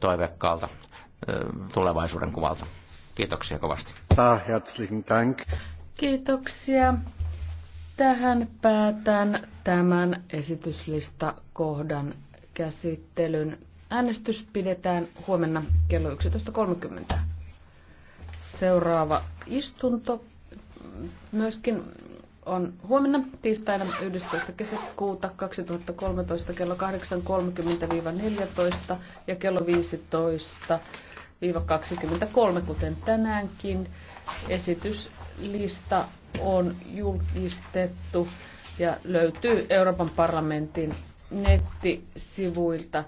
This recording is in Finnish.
toivekkaalta tulevaisuuden kuvalta. Kiitoksia kovasti. Kiitoksia. Tähän päätän tämän esityslista kohdan käsittelyn. Äänestys pidetään huomenna kello 11.30. Seuraava istunto myöskin on huomenna tiistaina 11. kesäkuuta 2013 kello 8.30-14 ja kello 15-23, kuten tänäänkin. Esityslista on julkistettu ja löytyy Euroopan parlamentin nettisivuilta.